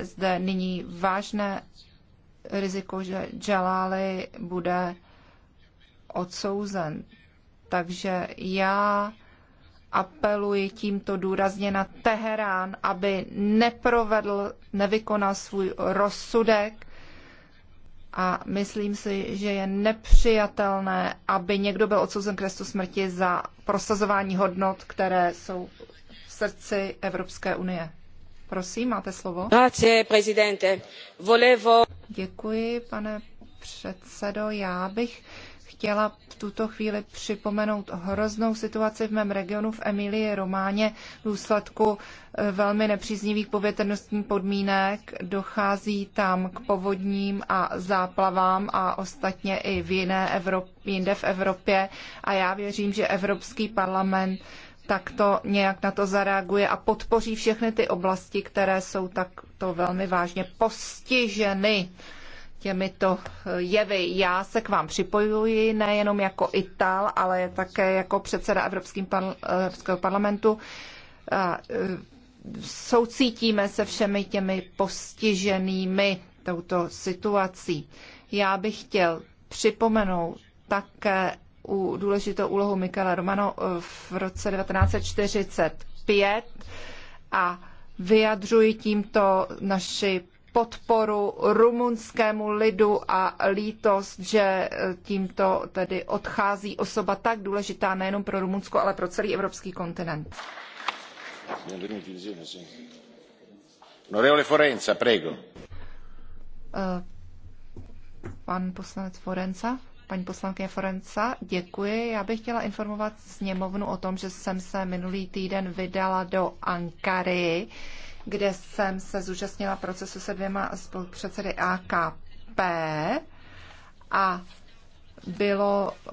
zde nyní vážné riziko, že Jalali bude odsouzen. Takže já apeluji tímto důrazně na Teherán, aby neprovedl, nevykonal svůj rozsudek a myslím si, že je nepřijatelné, aby někdo byl odsouzen k trestu smrti za prosazování hodnot, které jsou v srdci Evropské unie. Prosím, máte slovo. Grazie, presidente. Volevo... Děkuji, pane předsedo. Já bych chtěla v tuto chvíli připomenout hroznou situaci v mém regionu v Emilii Románě. V důsledku eh, velmi nepříznivých povětrnostních podmínek dochází tam k povodním a záplavám a ostatně i v jiné Evrop, jinde v Evropě. A já věřím, že Evropský parlament tak to nějak na to zareaguje a podpoří všechny ty oblasti, které jsou takto velmi vážně postiženy těmito jevy. Já se k vám připojuji nejenom jako Ital, ale také jako předseda Evropským Evropského parlamentu. E, soucítíme se všemi těmi postiženými touto situací. Já bych chtěl připomenout také důležitou úlohu Michela Romano eh, v roce 1945 a vyjadřuji tímto naši podporu rumunskému lidu a lítost, že eh, tímto tedy odchází osoba tak důležitá nejenom pro Rumunsko, ale pro celý evropský kontinent. Onorevole Forenza, prego. Eh, pan poslanec Forenza. Paní poslankyně Forenca, děkuji. Já bych chtěla informovat sněmovnu o tom, že jsem se minulý týden vydala do Ankary, kde jsem se zúčastnila procesu se dvěma spolupředsedy AKP a bylo eh,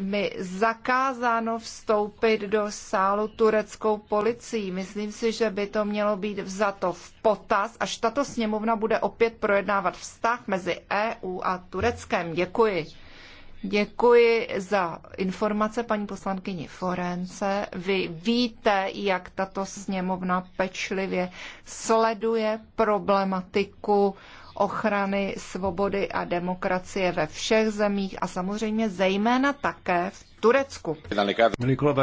mi zakázáno vstoupit do sálu tureckou policií. Myslím si, že by to mělo být vzato v potaz, až tato sněmovna bude opět projednávat vztah mezi EU a Tureckem. Děkuji. Děkuji za informace paní poslankyni Forence. Vy víte, jak tato sněmovna pečlivě sleduje problematiku ochrany svobody a demokracie ve všech zemích a samozřejmě zejména také v Turecku.